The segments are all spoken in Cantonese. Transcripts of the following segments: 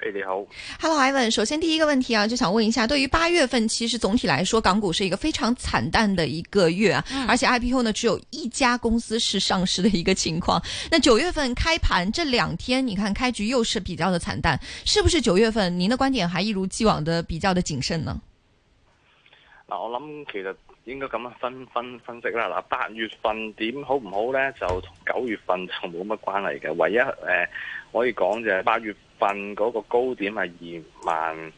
Hey, 你好，Hello，Ivan。Hello, Ivan. 首先第一個問題啊，就想問一下，對於八月份，其實總體來說，港股是一個非常慘淡的一個月啊，而且 IPO 呢只有一家公司是上市的一個情況。那九月份開盤這兩天，你看開局又是比較的慘淡，是不是九月份您的觀點還一如既往的比較的謹慎呢？我諗其實。應該咁樣，分分分析啦。嗱，八月份點好唔好咧？就同九月份就冇乜關係嘅。唯一誒可以講就係八月份嗰個高點係二萬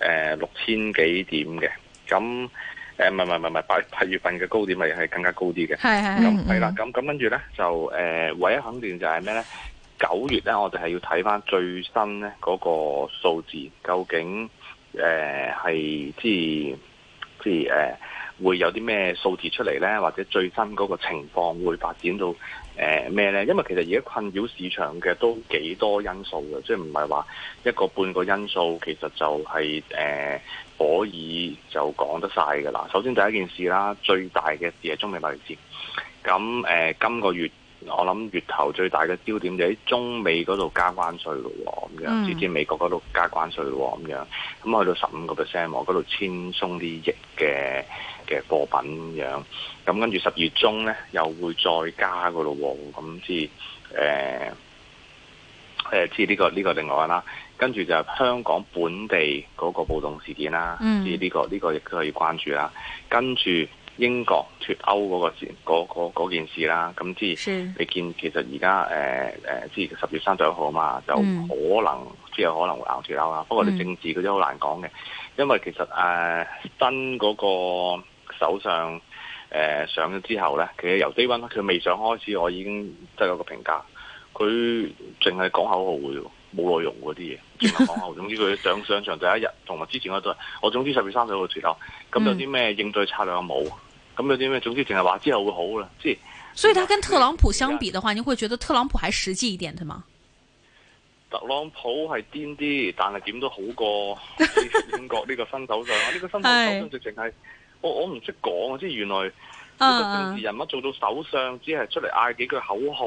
誒六千幾點嘅。咁誒唔係唔係唔係八八月份嘅高點係係更加高啲嘅。係咁係啦。咁咁跟住咧就誒，唯一肯定就係咩咧？九月咧，我哋係要睇翻最新咧嗰個數字，究竟誒係即係即係誒。會有啲咩數字出嚟呢？或者最新嗰個情況會發展到誒咩、呃、呢？因為其實而家困擾市場嘅都幾多因素嘅，即係唔係話一個半個因素其實就係誒可以就講得晒嘅啦。首先第一件事啦，最大嘅事係中美貿易戰。咁誒、呃，今個月。我諗月頭最大嘅焦點就喺中美嗰度加關稅咯，咁樣，甚、嗯、至美國嗰度加關稅咯，咁樣，咁去到十五個 percent 喎，嗰度千松啲易嘅嘅貨品咁樣，咁跟住十月中咧又會再加這那、呃這個咯，咁至誒即係呢個呢個另外啦，跟住就係香港本地嗰個暴動事件啦，即係呢、嗯呢個呢、呢個亦都可以關注啦，跟住。英國脫歐嗰個事，嗰個、嗰件事啦，咁即係你見是其實而家誒誒，即、呃、十月三十一號啊嘛，就可能、嗯、之後可能會硬脫歐啦。不過你政治嗰啲好難講嘅，嗯、因為其實誒新嗰個首相、呃、上咗之後咧，其實由 day one 佢未上開始，我已經即係有一個評價，佢淨係講口號嘅喎。冇內容嗰啲嘢，淨係講號。總之佢上上場第一日，同埋之前我都係，我總之十月三十號去辭咗。咁有啲咩應對策略冇？咁有啲咩？總之淨係話之後會好噶啦，即係。所以他跟特朗普相比嘅話，你會覺得特朗普還實際一點啲嘛。特朗普係癲啲，但係點都好過英國呢個新首相。呢、 啊這個新首相直情係，我我唔識講啊！即係原來呢個政治人物做到首相，只係出嚟嗌幾句口號。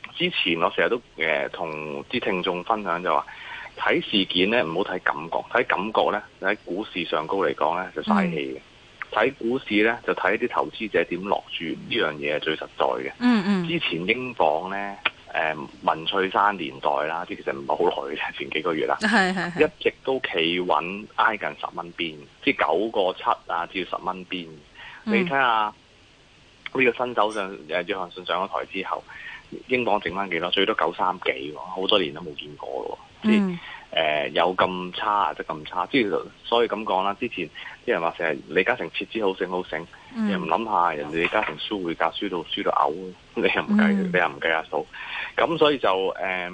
之前我成日都誒同啲聽眾分享，就話睇事件咧唔好睇感覺，睇感覺咧喺股市上高嚟講咧就嘥氣嘅。睇、嗯、股市咧就睇啲投資者點落注，呢樣嘢係最實在嘅、嗯。嗯嗯。之前英鎊咧誒文翠珊年代啦，即其實唔係好耐嘅啫，前幾個月啦。係係係一直都企穩挨近十蚊邊，即係九個七啊，至十蚊邊。你睇下呢個新手上誒約翰遜上咗台之後。英鎊剩翻幾多？最多九三幾喎，好多年都冇見過咯。即、就、係、是 mm. 呃、有咁差啊，即係咁差。即、就是、所以咁講啦，之前啲人話成日李嘉誠設資好醒好醒，mm. 你又唔諗下人哋李嘉誠輸會唔輸到輸到嘔？你又唔計，mm. 你又唔計，你又唔計阿、啊、嫂。咁所以就誒、呃，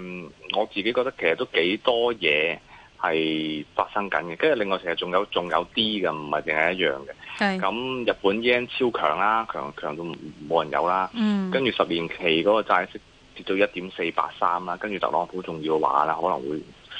我自己覺得其實都幾多嘢。係發生緊嘅，跟住另外成日仲有仲有啲嘅，唔係淨係一樣嘅。咁是日本 yen 超強啦，強強都冇人有啦。嗯、跟住十年期嗰個債息跌到一點四八三啦，跟住特朗普仲要話啦，可能會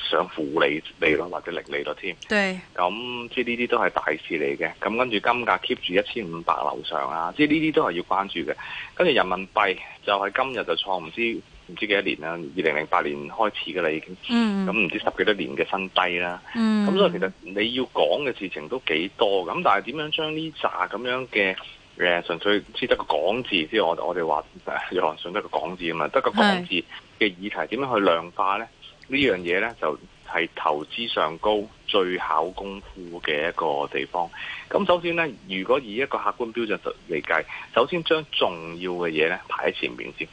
想負利利率或者零利率添。咁即係呢啲都係大事嚟嘅。咁跟住金價 keep 住一千五百樓上啊，即係呢啲都係要關注嘅。跟住人民幣就係今日就創唔知。唔知幾多年啦，二零零八年開始㗎啦已經，咁唔、嗯、知十幾多年嘅新低啦，咁、嗯、所以其實你要講嘅事情都幾多，咁但係點樣將呢扎咁樣嘅誒純粹只得個講字之外，我我哋話有人想得個講字啊嘛，得個講字嘅議題點是樣去量化咧？樣呢樣嘢咧就係投資上高最考功夫嘅一個地方。咁首先咧，如果以一個客觀標準嚟計，首先將重要嘅嘢咧排喺前面先。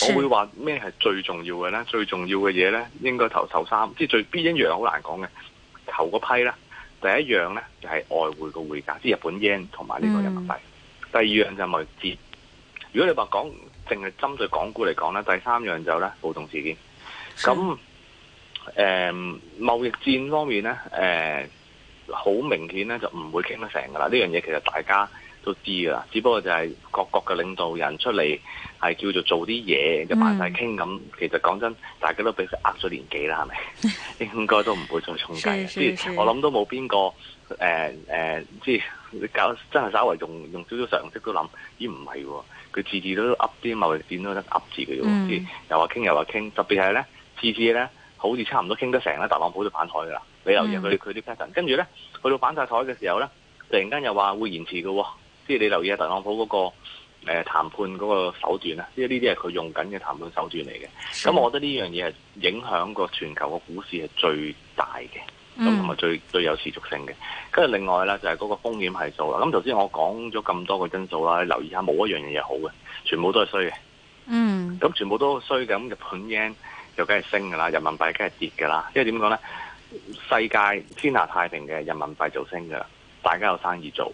我會話咩係最重要嘅呢？是最重要嘅嘢呢，應該頭頭三，即係最邊一樣好難講嘅。頭嗰批呢，第一樣呢，就係、是、外匯嘅匯價，即係日本 yen 同埋呢個人民幣。嗯、第二樣就貿易戰。如果你話講淨係針對港股嚟講呢，第三樣就呢，暴動事件。咁誒貿易戰方面呢，誒、呃、好明顯呢，就唔會傾得成噶啦。呢樣嘢其實大家都知噶啦，只不過就係各國嘅領導人出嚟係叫做做啲嘢，就扮晒傾咁。嗯、其實講真，大家都俾佢呃咗年紀啦，係咪？ 應該都唔會再重計。即係是我諗都冇邊個誒誒，即、呃、係、呃、搞真係稍微用用少少常識都諗，咦唔係喎？佢次次都噏啲，某啲點都得噏字嘅啫。又話傾，又話傾，特別係咧次次咧好似差唔多傾得成咧特朗普就反台噶啦。你留意佢佢啲 pattern，跟住咧去到反晒台嘅時候咧，突然間又話會延遲嘅喎、哦。即係你留意下特朗普嗰、那個誒、呃、談判嗰個手段啦，因為呢啲係佢用緊嘅談判手段嚟嘅。咁我覺得呢樣嘢係影響個全球個股市係最大嘅，咁同埋最最有持續性嘅。跟住另外咧就係、是、嗰個風險係數啦。咁頭先我講咗咁多個因素啦，你留意下冇一樣嘢好嘅，全部都係衰嘅。嗯。咁全部都衰嘅，咁日本 yen 又梗係升㗎啦，人民幣梗係跌㗎啦。因為點講咧？世界天下太平嘅人民幣就升㗎啦，大家有生意做。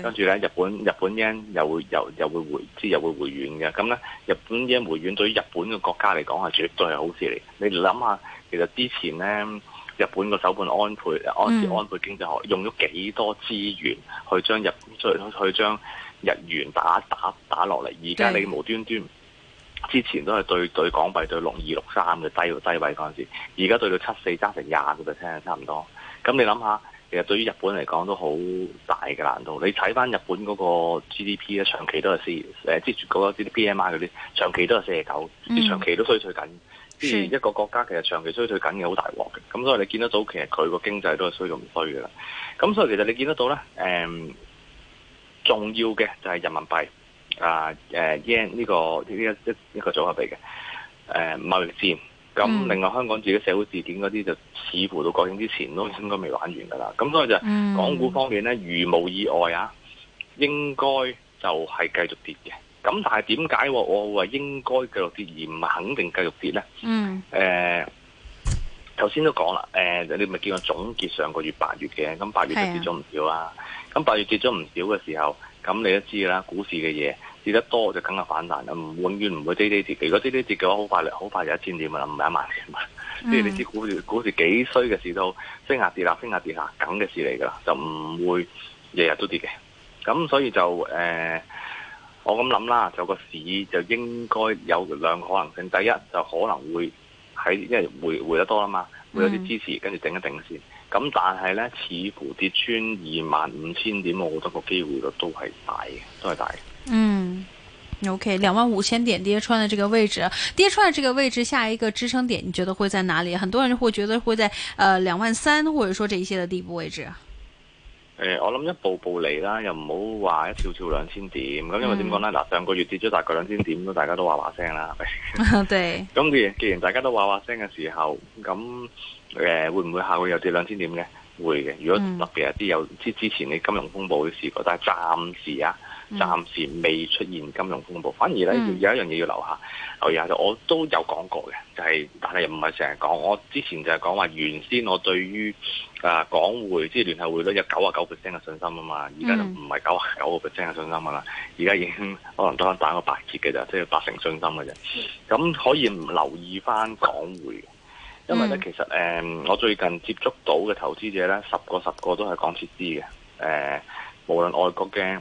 跟住咧，日本日本英又會又又會回，即又會回軟嘅。咁咧，日本英回軟對於日本嘅國家嚟講係絕對係好事嚟。你諗下，其實之前咧，日本嘅手本安倍，安，安倍經濟學用咗幾多資源去將日，去將日元打打打落嚟。而家你無端端，之前都係對對港幣對六二六三嘅低低位嗰陣時，而家對到七四，差成廿嘅啫，差唔多。咁你諗下？其實對於日本嚟講都好大嘅難度。你睇翻日本嗰個 GDP 咧，長期都係四誒，即、呃、係、嗰個 GDPMI 嗰啲，長期都係四九，而長期都衰退緊。即係、嗯、一個國家其實長期衰退緊嘅好大鑊嘅。咁的所以你見得到，其實佢個經濟都係衰到唔衰噶啦。咁所以其實你見得到咧，誒、嗯，重要嘅就係人民幣啊，誒、啊、yen 呢、這個呢一一個組合幣嘅，誒、啊、貿易戰。咁、嗯、另外香港自己社會事件嗰啲就視乎到國慶之前都應該未玩完噶啦。咁所以就港股方面咧，嗯、如無意外啊，應該就係繼續跌嘅。咁但係點解我話應該繼續跌而唔係肯定繼續跌咧？誒、嗯，頭先、呃、都講啦，誒、呃、你咪見我總結上個月八月嘅，咁八月就跌咗唔少啦。咁八、啊、月跌咗唔少嘅時候，咁你都知啦，股市嘅嘢。跌得多就梗係反彈啦，唔永遠唔會低低跌。如果低低跌嘅話，好快好快就一千點啦，唔係一萬點即係、mm. 你知股市股市幾衰嘅事都升下跌啦，升下跌啦，咁嘅事嚟噶，就唔會日日都跌嘅。咁所以就誒、呃，我咁諗啦，就個市就應該有兩個可能性。第一就可能會喺因為回回得多啦嘛，會有啲支持，跟住整一整先。咁但係咧，似乎跌穿二萬五千點，我覺得個機會率都係大嘅，都係大。嗯，OK，兩萬五千點跌穿的這個位置，跌穿的這個位置，下一個支撐點你覺得會在哪裡？很多人會覺得會在，呃，兩萬三，或者說這一些的底部位置。誒、欸，我諗一步步嚟啦，又唔好話一跳跳兩千點。咁、嗯、因為點講呢？嗱，上個月跌咗大概兩千點，咁大家都話話聲啦、啊。對。咁而 既然大家都話話聲嘅時候，咁誒、呃、會唔會下個月又跌兩千點呢？會嘅。如果特別有啲有之之前啲金融風暴嘅事，但係暫時啊。暫時未出現金融風暴，反而咧有一樣嘢要留下留意下就。嗯、我都有講過嘅，就係、是、但係又唔係成日講。我之前就係講話原先，我對於啊港匯即係聯繫匯率有九十九 percent 嘅信心啊嘛，而家就唔係九十九個 percent 嘅信心噶啦，而家、嗯、已經可能得翻打個八折嘅啫，即係八成信心嘅啫。咁可以唔留意翻港匯，因為咧、嗯、其實誒、呃、我最近接觸到嘅投資者咧，十個十個都係講設資嘅誒，無論外國嘅。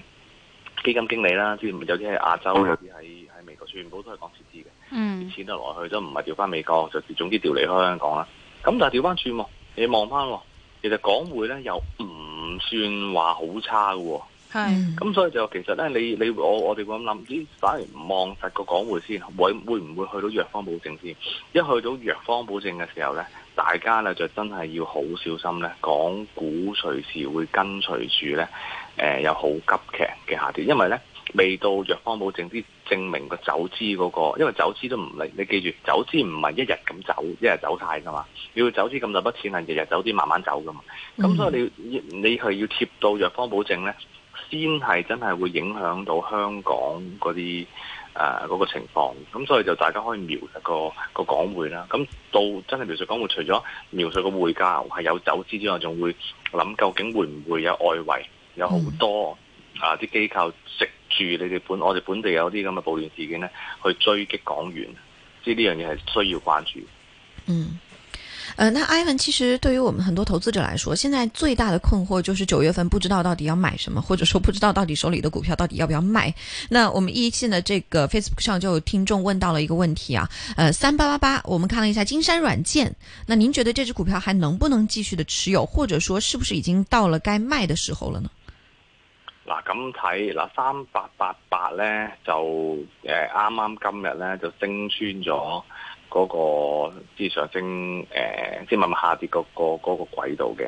基金經理啦，即係有啲係亞洲，有啲係喺美國，嗯、全部都係講設資嘅，啲、嗯、錢都落去都唔係調翻美國，就總之調離開香港啦。咁但係調翻轉喎，你望翻喎，其實港匯咧又唔算話好差㗎喎。咁、嗯、所以就其實咧，你你我我哋會咁諗，咦？反而望實個港匯先，會、會唔會去到藥方保證先？一去到藥方保證嘅時候咧？大家咧就真係要好小心咧，港股隨時會跟隨住咧，誒有好急劇嘅下跌，因為咧未到藥方保證啲證明個走資嗰、那個，因為走資都唔你記住，走資唔係一日咁走，一日走晒噶嘛，要走資咁大筆錢係日日走啲，慢慢走噶嘛，咁、嗯、所以你你係要貼到藥方保證咧。先係真係會影響到香港嗰啲誒嗰個情況，咁所以就大家可以描述個個港匯啦。咁到真係描述港匯，除咗描述個匯價係有走資之外，仲會諗究竟會唔會有外圍有好多啊啲機構食住你哋本我哋本地有啲咁嘅暴亂事件呢，去追擊港元，即係呢樣嘢係需要關注的。嗯。呃，那 Ivan 其實對於我們，很多投資者來說，現在最大的困惑就是九月份不知道到底要買什麼，或者說不知道到底手裏的股票到底要不要賣。那我們一期呢，這個 Facebook 上就有聽眾問到了一個問題啊，呃，三八八八，我們看了一下金山軟件，那您覺得這隻股票還能不能繼續的持有，或者說是不是已經到了該賣的時候了呢？嗱，咁睇嗱，三八八八咧就，誒、呃，啱啱今日咧就升穿咗。嗰、那個即上升，誒、呃，即係慢慢下跌嗰、那個嗰、那個、軌道嘅，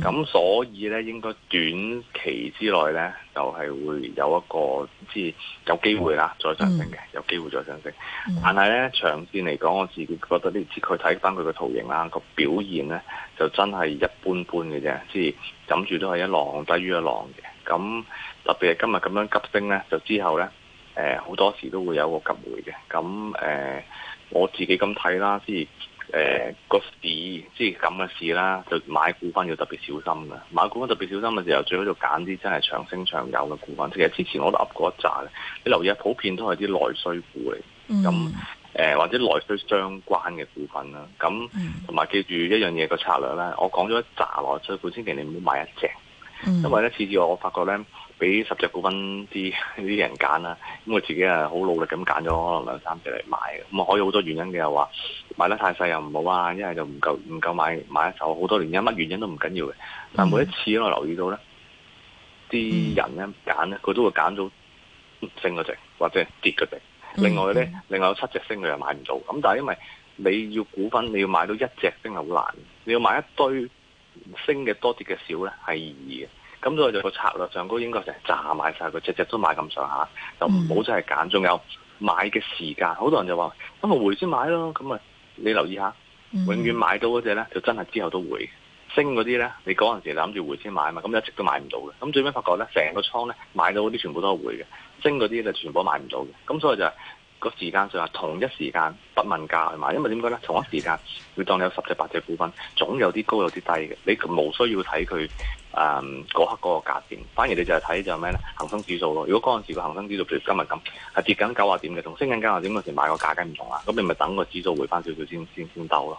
咁、嗯、所以咧，應該短期之內咧，就係、是、會有一個即係有機會啦，再上升嘅，嗯、有機會再上升。嗯、但係咧，長線嚟講，我自己覺得呢次佢睇返佢嘅圖形啦，那個表現咧，就真係一般般嘅啫，即係諗住都係一浪低於一浪嘅。咁特別係今日咁樣急升咧，就之後咧，誒、呃、好多時都會有個個急回嘅。咁誒。呃我自己咁睇啦，即係誒個市，即係咁嘅市啦，就買股份要特別小心啦，買股份特別小心嘅時候，最好就揀啲真係長升長有嘅股份。其實之前我都噏過一紮嘅，你留意下普遍都係啲內需股嚟，咁誒、嗯呃、或者內需相關嘅股份啦。咁同埋記住一樣嘢嘅策略咧，我講咗一紮內需股，所以千祈你唔好買一隻。因為咧，嗯、次次我發覺咧，俾十隻股份啲啲人揀啦，咁我自己係好努力咁揀咗可能兩三隻嚟買咁啊，可以好多原因嘅，又話買得太細又唔好啊，一係就唔夠唔夠買買一手，好多原因，乜原因都唔緊要嘅。但每一次我留意到咧，啲人咧揀咧，佢都會揀到升嗰隻或者跌嗰隻。另外咧，另外有七隻升佢又買唔到。咁但係因為你要股份你要買到一隻升係好難，你要買一堆。升嘅多跌，跌嘅少咧，係意義嘅。咁所以就個策略上，嗰應該成紮買曬佢，隻隻都買咁上下，就唔好真係揀。仲、嗯、有買嘅時間，好多人就話，咁咪回先買咯。咁啊，你留意下，永遠買到嗰隻咧，就真係之後都會升嗰啲咧。你嗰陣時諗住回先買啊嘛，咁一直都買唔到嘅。咁最尾發覺咧，成個倉咧買到嗰啲全部都係回嘅，升嗰啲就全部買唔到嘅。咁所以就係。個時間就係同一時間不問價係嘛，因為點解咧？同一時間，你當你有十隻八隻股份，總有啲高有啲低嘅，你無需要睇佢誒嗰刻嗰個價錢，反而你就係睇就係咩咧？恒生指數咯。如果嗰陣時個恆生指數，如生指數譬如今日咁係跌緊九啊點嘅，同升緊九啊點嗰時候買的個價梗唔同啦。咁你咪等個指數回翻少少先先先兜咯。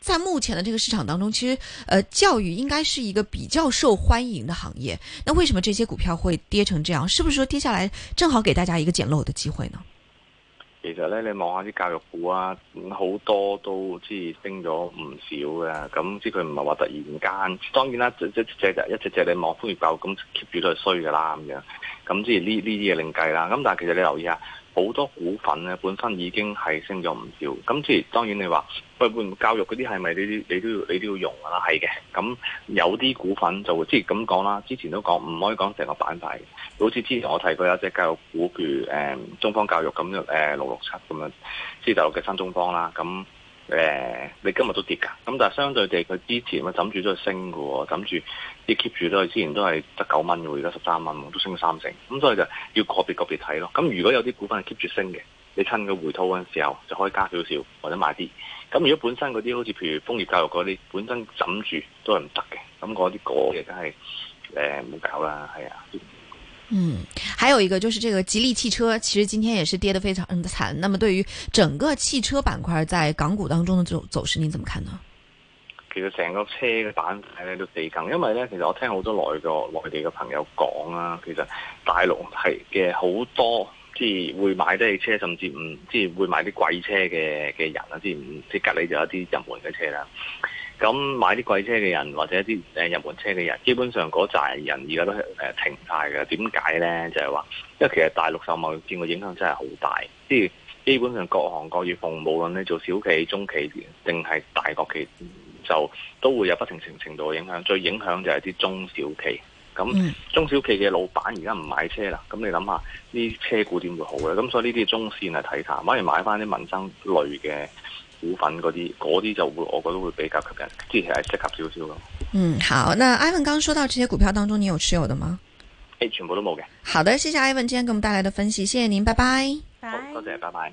在目前的這個市場當中，其實，呃，教育應該是一個比較受歡迎的行業。那為什麼這些股票會跌成這樣？是不是說跌下來正好給大家一個撿漏的機會呢？其實呢，你望下啲教育股啊，好多都即係升咗唔少嘅，咁知佢唔係話突然間。當然啦，一隻隻一隻隻你望番越久，咁 keep 住都係衰噶啦，咁樣。咁即係呢呢啲嘢另計啦。咁但係其實你留意下，好多股份咧本身已經係升咗唔少。咁即係當然你話，不換教育嗰啲係咪呢啲？你都要你都要用噶啦，係嘅。咁有啲股份就即係咁講啦。之前都講唔可以講成個板塊。好似之前我提過有隻教育股，譬如中方教育咁樣誒六六七咁樣，即係大陸嘅新中方啦。咁。誒、呃，你今日都跌㗎，咁但係相對地，佢之前咪枕住都係升喎。枕住啲 keep 住都係，之前都係得九蚊嘅喎，而家十三蚊，都升咗三成，咁所以就要個別個別睇咯。咁如果有啲股份係 keep 住升嘅，你趁佢回套回吐嘅時候就可以加少少或者買啲。咁如果本身嗰啲好似譬如風業教育嗰啲，本身枕住都係唔得嘅，咁嗰啲果嘢梗係誒唔好搞啦，係啊。嗯，還有一個就是這個吉利汽車，其實今天也是跌得非常慘。那麼對於整個汽車板塊在港股當中的走走勢，你怎麼看呢？其實成個車嘅板塊呢都地更，因為呢，其實我聽好多內個內地嘅朋友講啊，其實大陸係嘅好多即係會買啲汽車，甚至唔即係會買啲貴車嘅嘅人啊，即係唔即係隔籬就有啲入門嘅車啦。咁買啲貴車嘅人，或者啲誒入門車嘅人，基本上嗰扎人而家都停晒嘅。點解咧？就係話，因為其實大陸受貿易戰嘅影響真係好大，即係基本上各行各業服務，無論你做小企、中企定係大國企，就都會有不同程度嘅影響。最影響就係啲中小企。咁、嗯、中小企嘅老闆而家唔買車啦，咁你諗下呢啲車股點會好咧？咁所以呢啲中線係睇下，反而買翻啲民生類嘅股份嗰啲，嗰啲就會我覺得會比較吸引，即係係適合少少咯。嗯，好，那 Ivan 剛剛說到這些股票當中，你有持有的嗎？誒，全部都冇嘅。好的，謝謝 Ivan 今天給我們帶來的分析，謝謝您，拜拜。Bye 好，多謝，拜拜。